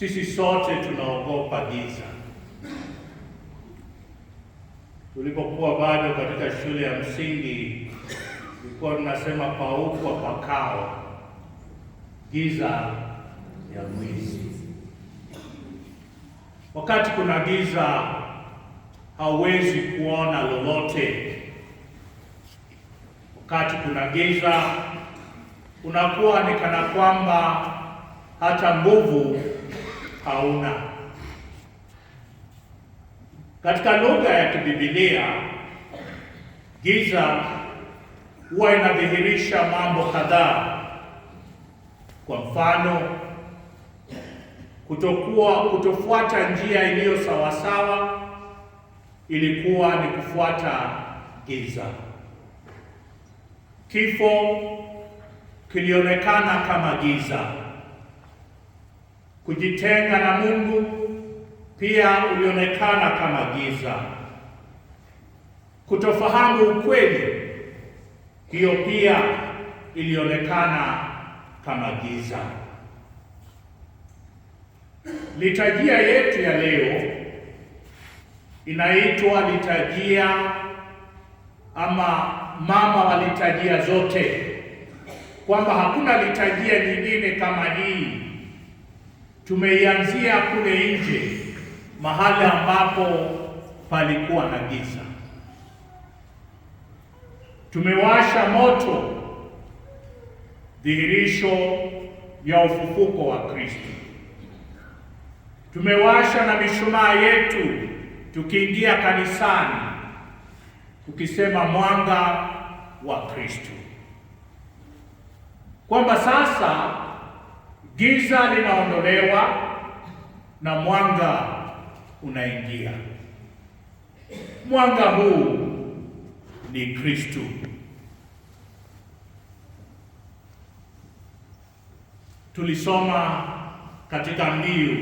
Sisi sote tunaogopa giza. Tulipokuwa bado katika shule ya msingi, tulikuwa tunasema paukwa pakao, giza ya mwizi. Wakati kuna giza, hauwezi kuona lolote. Wakati kuna giza, unakuwa ni kana kwamba hata nguvu hauna. Katika lugha ya kibibilia giza huwa inadhihirisha mambo kadhaa. Kwa mfano, kutokuwa kutofuata njia iliyo sawasawa ilikuwa ni kufuata giza. Kifo kilionekana kama giza. Kujitenga na Mungu pia ulionekana kama giza. Kutofahamu ukweli, hiyo pia ilionekana kama giza. litajia yetu ya leo inaitwa litajia ama mama wa litajia zote, kwamba hakuna litajia nyingine kama hii Tumeianzia kule nje, mahali ambapo palikuwa na giza. Tumewasha moto, dhihirisho ya ufufuko wa Kristo. Tumewasha na mishumaa yetu tukiingia kanisani, tukisema mwanga wa Kristo, kwamba sasa giza linaondolewa na mwanga unaingia. Mwanga huu ni Kristo. Tulisoma katika mbiu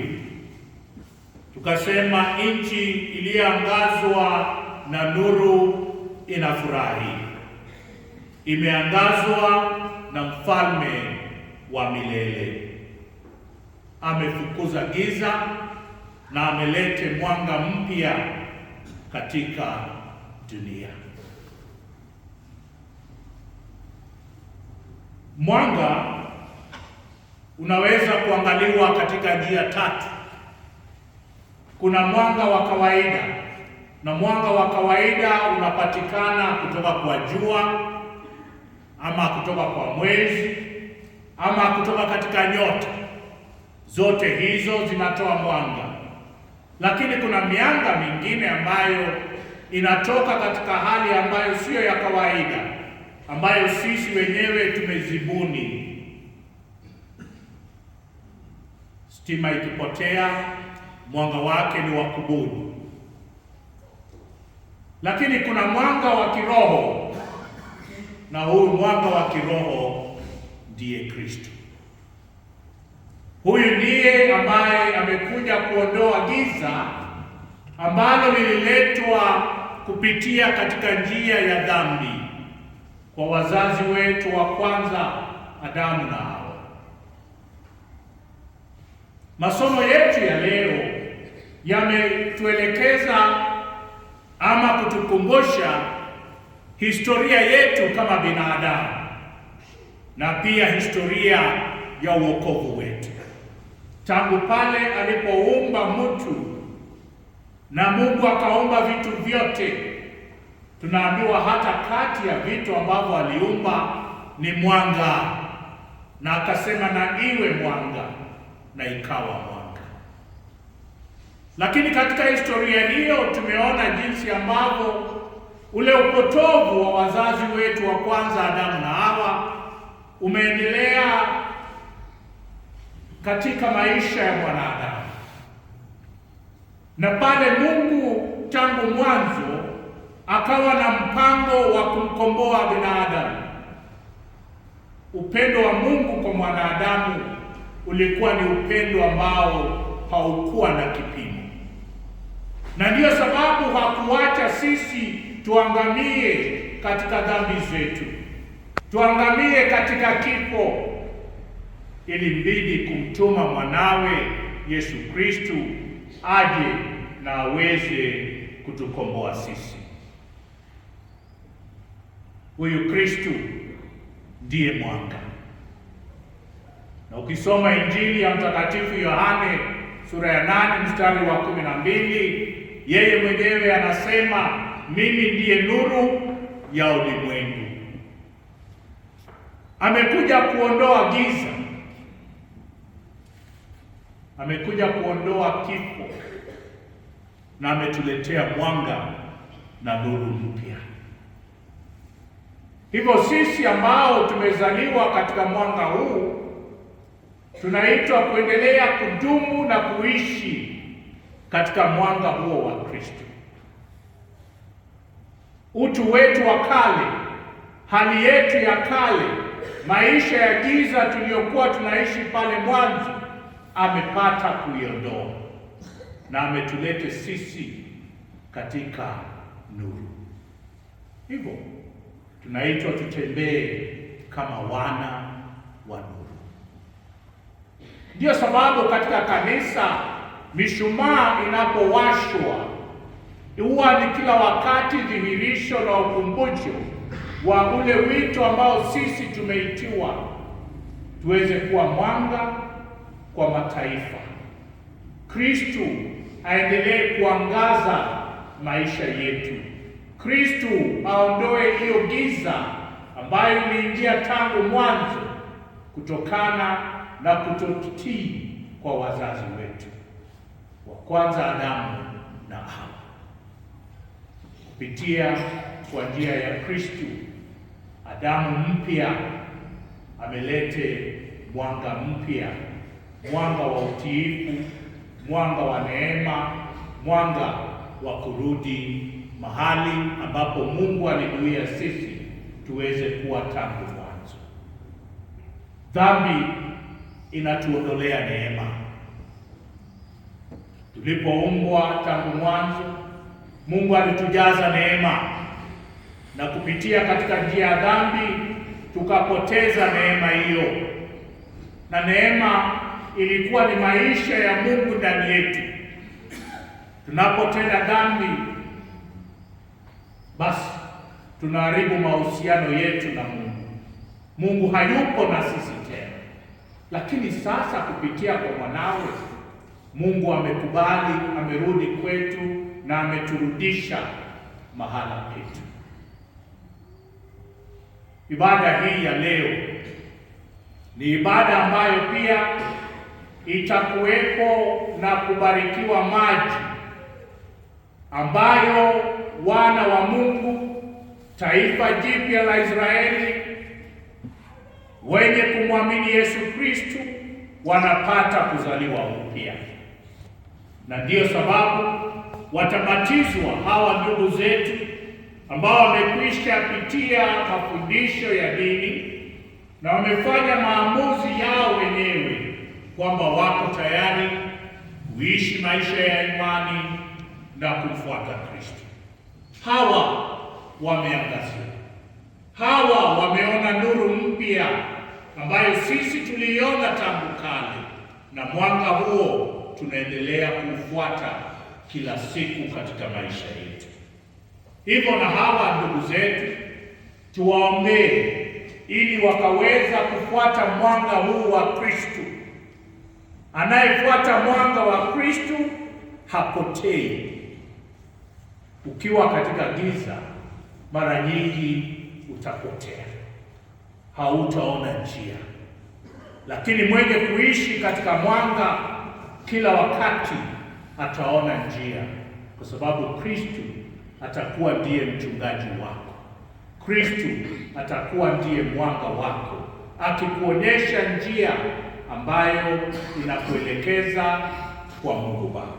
tukasema, nchi iliyoangazwa na nuru inafurahi, imeangazwa na mfalme wa milele amefukuza giza na amelete mwanga mpya katika dunia. Mwanga unaweza kuangaliwa katika njia tatu. Kuna mwanga wa kawaida, na mwanga wa kawaida unapatikana kutoka kwa jua ama kutoka kwa mwezi ama kutoka katika nyota. Zote hizo zinatoa mwanga, lakini kuna mianga mingine ambayo inatoka katika hali ambayo siyo ya kawaida, ambayo sisi wenyewe tumezibuni. Stima ikipotea, mwanga wake ni wa kubuni, lakini kuna mwanga wa kiroho, na huu mwanga wa kiroho ndiye Kristo. Huyu ndiye ambaye amekuja kuondoa giza ambalo lililetwa kupitia katika njia ya dhambi kwa wazazi wetu wa kwanza Adamu na Hawa. Masomo yetu ya leo yametuelekeza ama kutukumbusha historia yetu kama binadamu na pia historia ya wokovu wetu tangu pale alipoumba mtu na Mungu akaumba vitu vyote. Tunaambiwa hata kati ya vitu ambavyo aliumba ni mwanga, na akasema na iwe mwanga, na ikawa mwanga. Lakini katika historia hiyo tumeona jinsi ambavyo ule upotovu wa wazazi wetu wa kwanza Adamu na Hawa umeendelea katika maisha ya mwanadamu, na pale Mungu tangu mwanzo akawa na mpango wa kumkomboa binadamu. Upendo wa Mungu kwa mwanadamu ulikuwa ni upendo ambao haukuwa na kipimo, na ndiyo sababu hakuacha sisi tuangamie katika dhambi zetu, tuangamie katika kifo ilimbidi kumtuma mwanawe Yesu Kristu aje na aweze kutukomboa sisi. Huyu Kristu ndiye mwanga, na ukisoma Injili ya Mtakatifu Yohane sura ya nane mstari wa kumi na mbili yeye mwenyewe anasema, mimi ndiye nuru ya ulimwengu, amekuja kuondoa giza amekuja kuondoa kifo na ametuletea mwanga na nuru mpya. Hivyo sisi ambao tumezaliwa katika mwanga huu tunaitwa kuendelea kudumu na kuishi katika mwanga huo wa Kristo. Utu wetu wa kale, hali yetu ya kale, maisha ya giza tuliyokuwa tunaishi pale mwanzo amepata kuiondoa na ametulete sisi katika nuru. Hivyo tunaitwa tutembee kama wana wa nuru. Ndiyo sababu katika kanisa mishumaa inapowashwa huwa ni kila wakati dhihirisho na ukumbusho wa ule wito ambao sisi tumeitiwa tuweze kuwa mwanga kwa mataifa. Kristu aendelee kuangaza maisha yetu. Kristu aondoe hiyo giza ambayo imeingia tangu mwanzo kutokana na kutotii kwa wazazi wetu wa kwanza, Adamu na Hawa. Kupitia kwa njia ya Kristu, Adamu mpya amelete mwanga mpya mwanga wa utiifu, mwanga wa neema, mwanga wa kurudi mahali ambapo Mungu alinuia sisi tuweze kuwa tangu mwanzo. Dhambi inatuondolea neema. Tulipoumbwa tangu mwanzo, Mungu alitujaza neema, na kupitia katika njia ya dhambi tukapoteza neema hiyo, na neema ilikuwa ni maisha ya Mungu ndani yetu. Tunapotenda dhambi, basi tunaharibu mahusiano yetu na Mungu. Mungu hayupo na sisi tena, lakini sasa kupitia kwa mwanawe Mungu amekubali, amerudi kwetu na ameturudisha mahala petu. Ibada hii ya leo ni ibada ambayo pia itakuwepo na kubarikiwa maji ambayo wana wa Mungu, taifa jipya la Israeli wenye kumwamini Yesu Kristu wanapata kuzaliwa upya, na ndiyo sababu watabatizwa hawa ndugu zetu ambao wamekwisha pitia mafundisho ya dini na wamefanya maamuzi yao wenyewe kwamba wako tayari kuishi maisha ya imani na kumfuata Kristo. Hawa wameangaziwa, hawa wameona nuru mpya ambayo sisi tuliiona tangu kale, na mwanga huo tunaendelea kuufuata kila siku katika maisha yetu. Hivyo na hawa ndugu zetu tuwaombee, ili wakaweza kufuata mwanga huu wa Kristo Anayefuata mwanga wa Kristo hapotei. Ukiwa katika giza, mara nyingi utapotea, hautaona njia, lakini mwenye kuishi katika mwanga kila wakati ataona njia, kwa sababu Kristo atakuwa ndiye mchungaji wako. Kristo atakuwa ndiye mwanga wako, akikuonyesha njia ambayo inakuelekeza kwa Mungu Baba.